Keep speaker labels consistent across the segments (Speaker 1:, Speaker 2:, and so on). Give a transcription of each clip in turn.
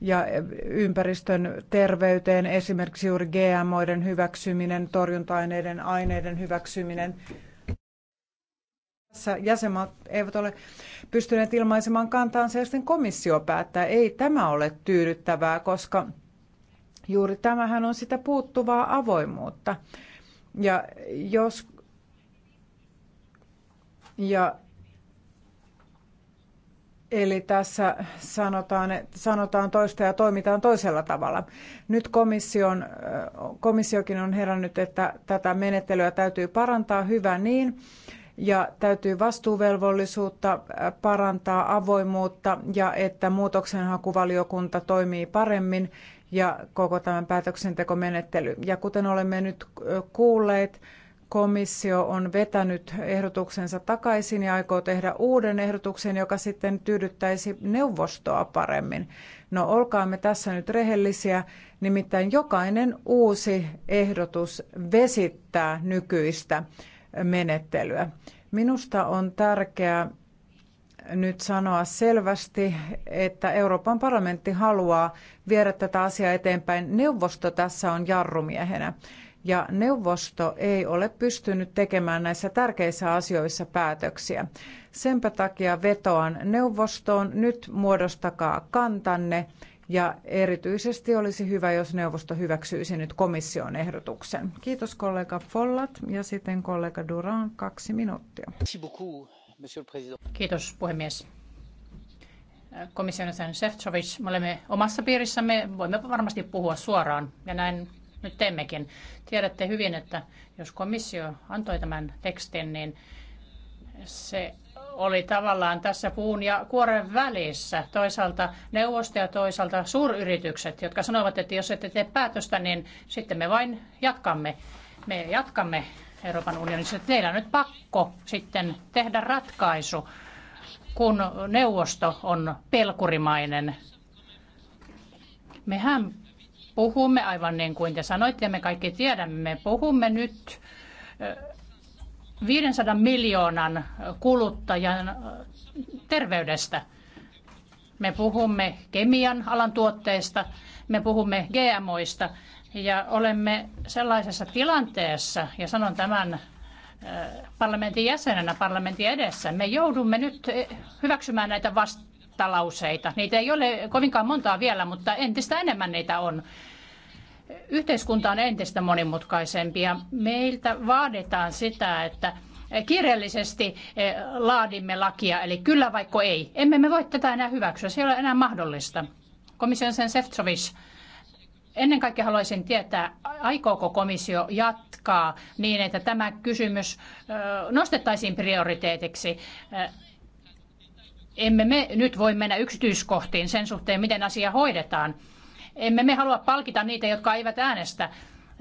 Speaker 1: ja ympäristön terveyteen, esimerkiksi juuri GMOiden hyväksyminen, torjunta-aineiden aineiden hyväksyminen. Tässä jäsenmaat eivät ole pystyneet ilmaisemaan kantaansa ja sitten komissio päättää. Ei tämä ole tyydyttävää, koska juuri tämähän on sitä puuttuvaa avoimuutta. Ja jos ja Eli tässä sanotaan, että sanotaan toista ja toimitaan toisella tavalla. Nyt komission, komissiokin on herännyt, että tätä menettelyä täytyy parantaa, hyvä niin. Ja täytyy vastuuvelvollisuutta parantaa, avoimuutta ja että muutoksenhakuvaliokunta toimii paremmin ja koko tämän päätöksentekomenettely. Ja kuten olemme nyt kuulleet, komissio on vetänyt ehdotuksensa takaisin ja aikoo tehdä uuden ehdotuksen, joka sitten tyydyttäisi neuvostoa paremmin. No olkaamme tässä nyt rehellisiä, nimittäin jokainen uusi ehdotus vesittää nykyistä menettelyä. Minusta on tärkeää nyt sanoa selvästi, että Euroopan parlamentti haluaa viedä tätä asiaa eteenpäin. Neuvosto tässä on jarrumiehenä ja neuvosto ei ole pystynyt tekemään näissä tärkeissä asioissa päätöksiä. Senpä takia vetoan neuvostoon, nyt muodostakaa kantanne ja erityisesti olisi hyvä, jos neuvosto hyväksyisi nyt komission ehdotuksen. Kiitos kollega Follat ja sitten kollega Duran kaksi minuuttia. Kiitos puhemies
Speaker 2: komission jäsen Sefcovic, me olemme omassa piirissämme, voimme varmasti puhua suoraan ja näin nyt teemmekin. Tiedätte hyvin, että jos komissio antoi tämän tekstin, niin se oli tavallaan tässä puun ja kuoren välissä. Toisaalta neuvosto ja toisaalta suuryritykset, jotka sanovat, että jos ette tee päätöstä, niin sitten me vain jatkamme. Me jatkamme Euroopan unionissa. Teillä on nyt pakko sitten tehdä ratkaisu, kun neuvosto on pelkurimainen. Mehän puhumme, aivan niin kuin te sanoitte, ja me kaikki tiedämme, puhumme nyt 500 miljoonan kuluttajan terveydestä. Me puhumme kemian alan tuotteista, me puhumme GMOista ja olemme sellaisessa tilanteessa, ja sanon tämän parlamentin jäsenenä parlamentin edessä, me joudumme nyt hyväksymään näitä vastuuta vastalauseita. Niitä ei ole kovinkaan montaa vielä, mutta entistä enemmän niitä on. Yhteiskunta on entistä monimutkaisempi ja meiltä vaaditaan sitä, että kirjallisesti eh, laadimme lakia, eli kyllä vaikka ei. Emme me voi tätä enää hyväksyä, se ei ole enää mahdollista. Komission sen Sefcovic, ennen kaikkea haluaisin tietää, aikooko komissio jatkaa niin, että tämä kysymys eh, nostettaisiin prioriteetiksi eh, emme me nyt voi mennä yksityiskohtiin sen suhteen, miten asia hoidetaan. Emme me halua palkita niitä, jotka eivät äänestä.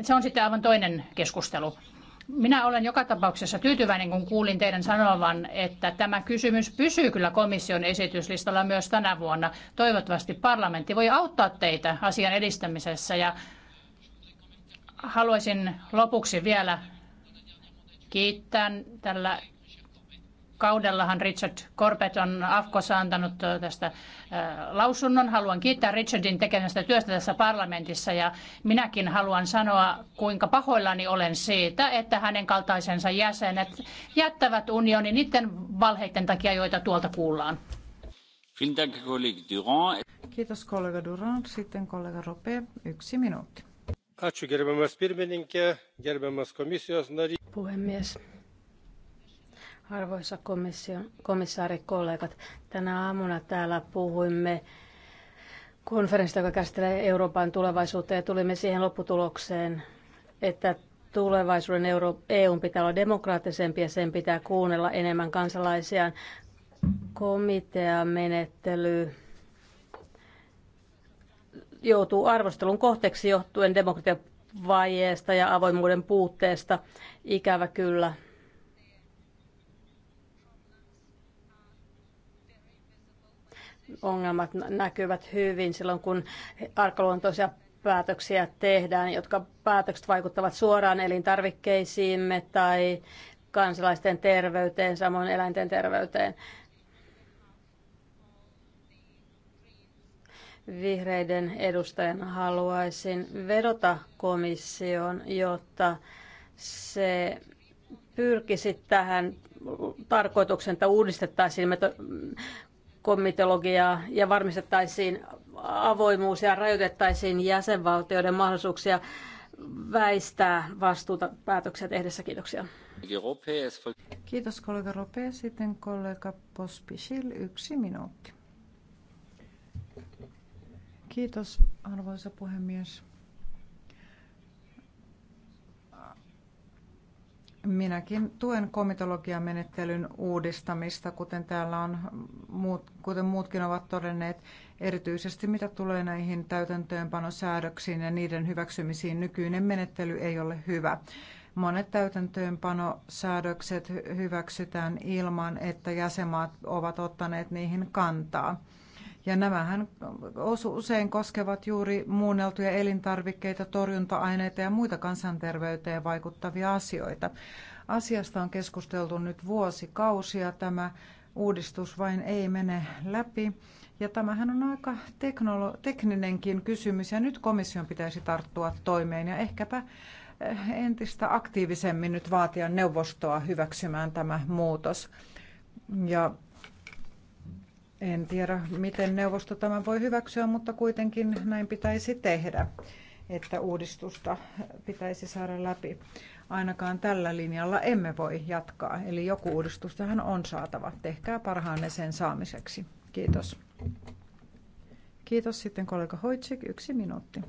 Speaker 2: Se on sitten aivan toinen keskustelu. Minä olen joka tapauksessa tyytyväinen, kun kuulin teidän sanovan, että tämä kysymys pysyy kyllä komission esityslistalla myös tänä vuonna. Toivottavasti parlamentti voi auttaa teitä asian edistämisessä ja haluaisin lopuksi vielä kiittää tällä kaudellahan Richard Corbett on Afkossa antanut tästä lausunnon. Haluan kiittää Richardin tekemästä työstä tässä parlamentissa ja minäkin haluan sanoa, kuinka pahoillani olen siitä, että hänen kaltaisensa jäsenet jättävät unionin niiden valheiden takia, joita tuolta kuullaan. Kiitos kollega
Speaker 1: Durand. Sitten kollega Rope, yksi minuutti. Puhemies, Arvoisa
Speaker 3: komissaari, kollegat, tänä aamuna täällä puhuimme konferenssista, joka käsittelee Euroopan tulevaisuutta ja tulimme siihen lopputulokseen, että tulevaisuuden Euro- EUn pitää olla demokraattisempi ja sen pitää kuunnella enemmän kansalaisiaan. Komiteamenettely joutuu arvostelun kohteeksi johtuen demokratiavajeesta ja avoimuuden puutteesta. Ikävä kyllä ongelmat näkyvät hyvin silloin, kun arkaluontoisia päätöksiä tehdään, jotka päätökset vaikuttavat suoraan elintarvikkeisiimme tai kansalaisten terveyteen, samoin eläinten terveyteen. Vihreiden edustajan haluaisin vedota komissioon, jotta se pyrkisi tähän tarkoituksen, että uudistettaisiin komitologiaa ja varmistettaisiin avoimuus ja rajoitettaisiin jäsenvaltioiden mahdollisuuksia väistää
Speaker 1: vastuuta päätöksiä tehdessä. Kiitoksia. Kiitos kollega Rope. Sitten kollega Pospisil, yksi minuutti. Kiitos arvoisa puhemies. Minäkin tuen komitologiamenettelyn uudistamista, kuten täällä on, muut, kuten muutkin ovat todenneet, erityisesti mitä tulee näihin täytäntöönpanosäädöksiin ja niiden hyväksymisiin. Nykyinen menettely ei ole hyvä. Monet täytäntöönpanosäädökset hyväksytään ilman, että jäsenmaat ovat ottaneet niihin kantaa. Ja nämähän usein koskevat juuri muunneltuja elintarvikkeita, torjunta-aineita ja muita kansanterveyteen vaikuttavia asioita. Asiasta on keskusteltu nyt vuosikausia. Tämä uudistus vain ei mene läpi. Ja tämähän on aika teknolo- tekninenkin kysymys ja nyt komission pitäisi tarttua toimeen ja ehkäpä eh, entistä aktiivisemmin nyt vaatia neuvostoa hyväksymään tämä muutos. Ja en tiedä, miten neuvosto tämän voi hyväksyä, mutta kuitenkin näin pitäisi tehdä, että uudistusta pitäisi saada läpi. Ainakaan tällä linjalla emme voi jatkaa, eli joku uudistus tähän on saatava. Tehkää parhaanne sen saamiseksi. Kiitos. Kiitos. Sitten kollega Hoitsik, yksi minuutti.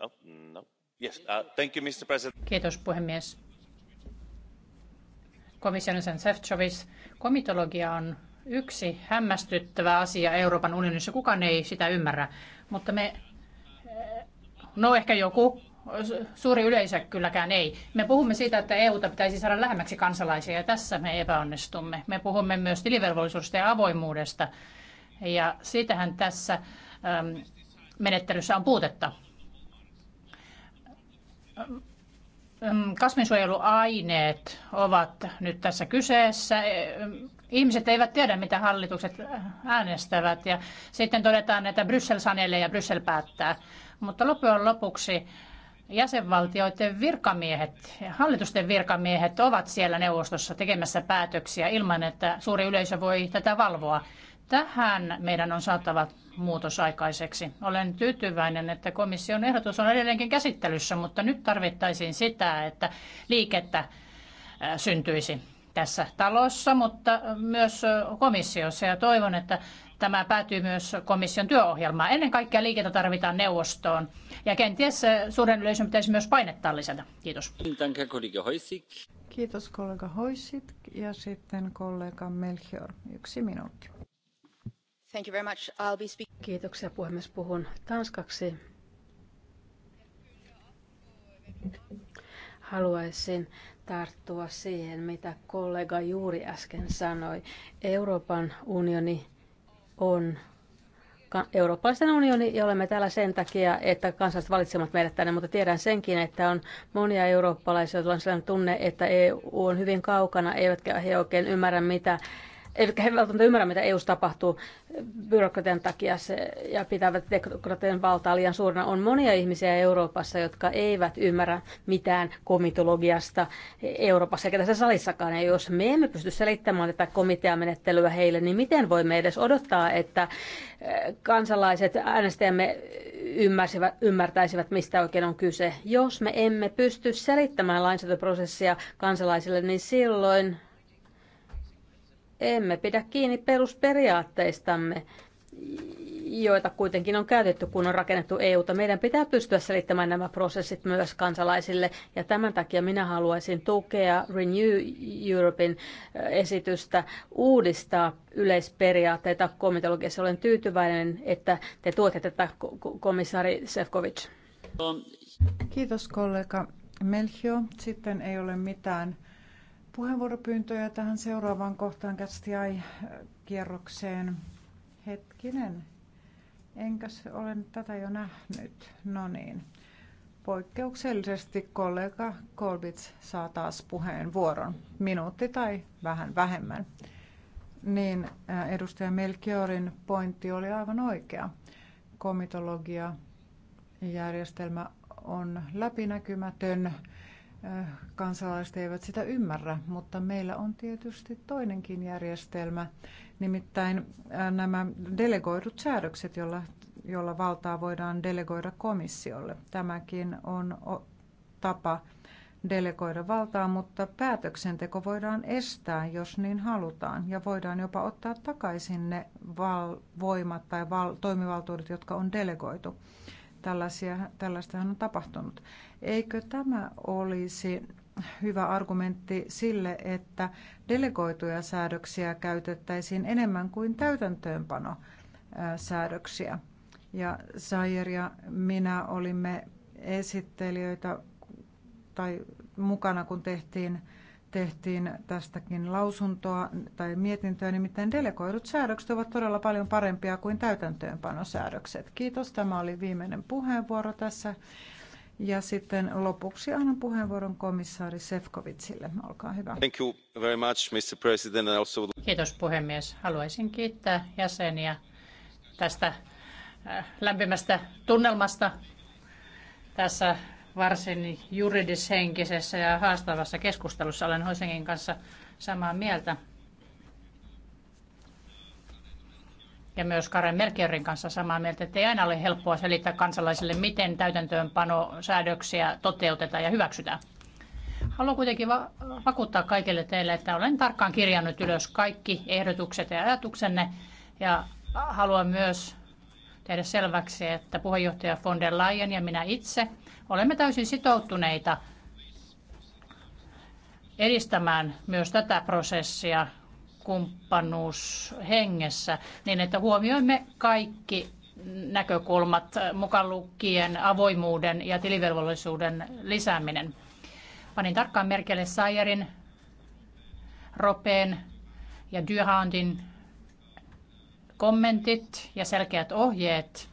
Speaker 3: Oh, no. uh, Kiitos
Speaker 2: puhemies. Komission sen Sefcovic. Komitologia on yksi hämmästyttävä asia Euroopan unionissa. Kukaan ei sitä ymmärrä, mutta me, no ehkä joku, suuri yleisö kylläkään ei. Me puhumme siitä, että EUta pitäisi saada lähemmäksi kansalaisia ja tässä me epäonnistumme. Me puhumme myös tilivelvollisuudesta ja avoimuudesta ja siitähän tässä menettelyssä on puutetta kasvinsuojeluaineet ovat nyt tässä kyseessä. E, ihmiset eivät tiedä, mitä hallitukset äänestävät ja sitten todetaan, että Bryssel sanelee ja Bryssel päättää. Mutta loppujen lopuksi jäsenvaltioiden virkamiehet ja hallitusten virkamiehet ovat siellä neuvostossa tekemässä päätöksiä ilman, että suuri yleisö voi tätä valvoa. Tähän meidän on saatava muutos aikaiseksi. Olen tyytyväinen, että komission ehdotus on edelleenkin käsittelyssä, mutta nyt tarvittaisiin sitä, että liikettä äh, syntyisi tässä talossa, mutta myös komissiossa. Ja toivon, että tämä päätyy myös komission työohjelmaan. Ennen kaikkea liikettä tarvitaan neuvostoon. Ja kenties suuren yleisön pitäisi myös painetta lisätä. Kiitos.
Speaker 1: Kiitos kollega Hoisik ja sitten kollega Melchior. Yksi minuutti. Thank you
Speaker 3: very much. I'll be speak-
Speaker 1: Kiitoksia puhemies. Puhun
Speaker 3: tanskaksi. Haluaisin tarttua siihen, mitä kollega juuri äsken sanoi. Euroopan unioni on Eurooppalaisen unioni ja olemme täällä sen takia, että kansalaiset valitsevat meidät tänne, mutta tiedän senkin, että on monia eurooppalaisia, joilla on sellainen tunne, että EU on hyvin kaukana, eivätkä he oikein ymmärrä, mitä eivätkä he välttämättä ymmärrä, mitä EU tapahtuu byrokratian takia se, ja pitävät teknokratian valtaa liian suurena. On monia ihmisiä Euroopassa, jotka eivät ymmärrä mitään komitologiasta Euroopassa, eikä tässä salissakaan. Ja jos me emme pysty selittämään tätä komiteamenettelyä heille, niin miten voimme edes odottaa, että eh, kansalaiset, äänestäjämme ymmärsivät, ymmärtäisivät, mistä oikein on kyse. Jos me emme pysty selittämään lainsäädäntöprosessia kansalaisille, niin silloin emme pidä kiinni perusperiaatteistamme, joita kuitenkin on käytetty, kun on rakennettu EUta. Meidän pitää pystyä selittämään nämä prosessit myös kansalaisille, ja tämän takia minä haluaisin tukea Renew Europein äh, esitystä uudistaa yleisperiaatteita komitologiassa. Olen tyytyväinen, että te tuotte tätä
Speaker 1: komissaari Sefcovic. Kiitos kollega Melchio. Sitten ei ole mitään puheenvuoropyyntöjä tähän seuraavaan kohtaan ai äh, kierrokseen Hetkinen, enkäs olen tätä jo nähnyt. No niin, poikkeuksellisesti kollega Kolbits saa taas puheenvuoron. Minuutti tai vähän vähemmän. Niin, äh, edustaja Melkiorin pointti oli aivan oikea. Komitologia järjestelmä on läpinäkymätön Äh, kansalaiset eivät sitä ymmärrä, mutta meillä on tietysti toinenkin järjestelmä, nimittäin äh, nämä delegoidut säädökset, joilla, jolla valtaa voidaan delegoida komissiolle. Tämäkin on tapa delegoida valtaa, mutta päätöksenteko voidaan estää, jos niin halutaan, ja voidaan jopa ottaa takaisin ne val- voimat tai val- toimivaltuudet, jotka on delegoitu. Tällaisia, tällaistahan on tapahtunut. Eikö tämä olisi hyvä argumentti sille, että delegoituja säädöksiä käytettäisiin enemmän kuin täytäntöönpano säädöksiä? Ja Sayer ja minä olimme esittelijöitä tai mukana, kun tehtiin tehtiin tästäkin lausuntoa tai mietintöä, nimittäin delegoidut säädökset ovat todella paljon parempia kuin täytäntöönpanosäädökset. Kiitos, tämä oli viimeinen puheenvuoro tässä. Ja sitten lopuksi annan puheenvuoron komissaari Sefcovicille. Olkaa hyvä. Thank you very much, Mr. President. Also... Kiitos
Speaker 2: puhemies. Haluaisin kiittää jäseniä tästä äh, lämpimästä tunnelmasta tässä varsin juridishenkisessä ja haastavassa keskustelussa. Olen Hosengin kanssa samaa mieltä. Ja myös Karen Melkierin kanssa samaa mieltä, että ei aina ole helppoa selittää kansalaisille, miten täytäntöönpanosäädöksiä toteutetaan ja hyväksytään. Haluan kuitenkin va- vakuuttaa kaikille teille, että olen tarkkaan kirjannut ylös kaikki ehdotukset ja ajatuksenne ja haluan myös tehdä selväksi, että puheenjohtaja von der Leyen ja minä itse olemme täysin sitoutuneita edistämään myös tätä prosessia kumppanuushengessä niin, että huomioimme kaikki näkökulmat mukaan lukien avoimuuden ja tilivelvollisuuden lisääminen. Panin tarkkaan merkille Sayerin, Ropeen ja Dyrhandin kommentit ja selkeät ohjeet.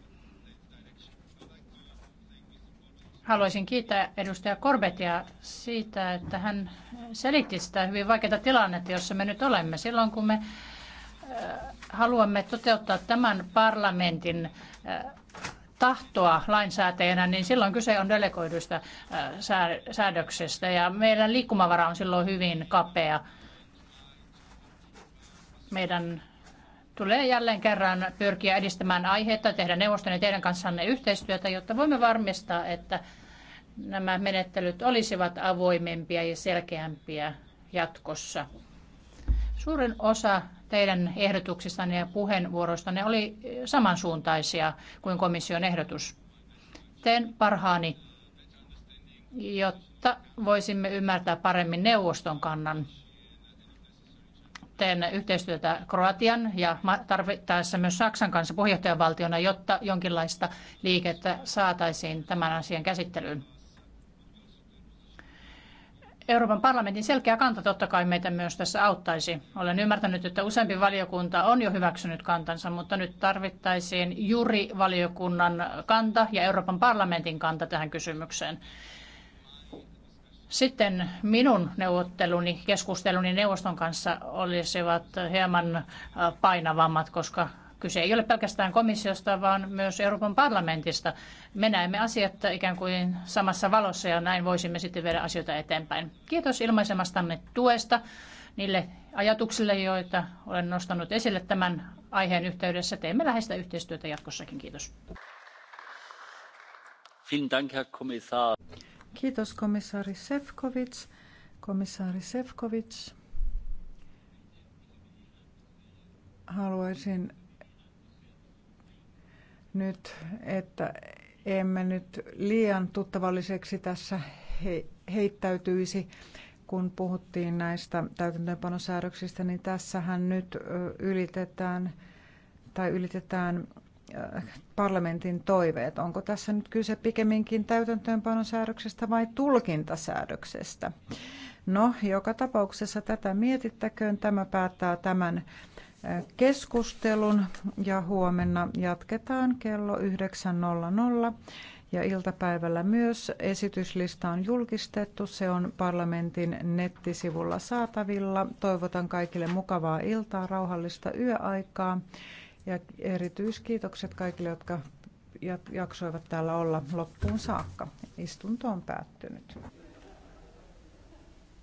Speaker 2: Haluaisin kiittää edustaja Korbetia siitä, että hän selitti sitä hyvin vaikeaa tilannetta, jossa me nyt olemme. Silloin kun me äh, haluamme toteuttaa tämän parlamentin äh, tahtoa lainsäätäjänä, niin silloin kyse on delegoiduista äh, säädöksistä ja meidän liikkumavara on silloin hyvin kapea. Meidän tulee jälleen kerran pyrkiä edistämään aiheita tehdä neuvoston ja teidän kanssanne yhteistyötä, jotta voimme varmistaa, että nämä menettelyt olisivat avoimempia ja selkeämpiä jatkossa. Suurin osa teidän ehdotuksistanne ja puheenvuoroistanne oli samansuuntaisia kuin komission ehdotus. Teen parhaani, jotta voisimme ymmärtää paremmin neuvoston kannan sitten yhteistyötä Kroatian ja tarvittaessa myös Saksan kanssa puheenjohtajavaltiona, jotta jonkinlaista liikettä saataisiin tämän asian käsittelyyn. Euroopan parlamentin selkeä kanta totta kai meitä myös tässä auttaisi. Olen ymmärtänyt, että useampi valiokunta on jo hyväksynyt kantansa, mutta nyt tarvittaisiin juuri valiokunnan kanta ja Euroopan parlamentin kanta tähän kysymykseen. Sitten minun neuvotteluni, keskusteluni neuvoston kanssa olisivat hieman äh, painavammat, koska kyse ei ole pelkästään komissiosta, vaan myös Euroopan parlamentista. Me näemme asiat ikään kuin samassa valossa ja näin voisimme sitten viedä asioita eteenpäin. Kiitos ilmaisemastanne tuesta niille ajatuksille, joita olen nostanut esille tämän aiheen yhteydessä. Teemme läheistä yhteistyötä jatkossakin. Kiitos.
Speaker 1: Kiitos komissaari Sefkovic. Komissaari Sefkovic, Haluaisin nyt, että emme nyt liian tuttavalliseksi tässä heittäytyisi, kun puhuttiin näistä täytäntöönpanosäädöksistä, niin tässähän nyt ylitetään tai ylitetään parlamentin toiveet. Onko tässä nyt kyse pikemminkin täytäntöönpanosäädöksestä vai tulkintasäädöksestä? No, joka tapauksessa tätä mietittäköön. Tämä päättää tämän keskustelun ja huomenna jatketaan kello 9.00 ja iltapäivällä myös. Esityslista on julkistettu, se on parlamentin nettisivulla saatavilla. Toivotan kaikille mukavaa iltaa, rauhallista yöaikaa ja erityiskiitokset kaikille, jotka jaksoivat täällä olla loppuun saakka. Istunto on päättynyt.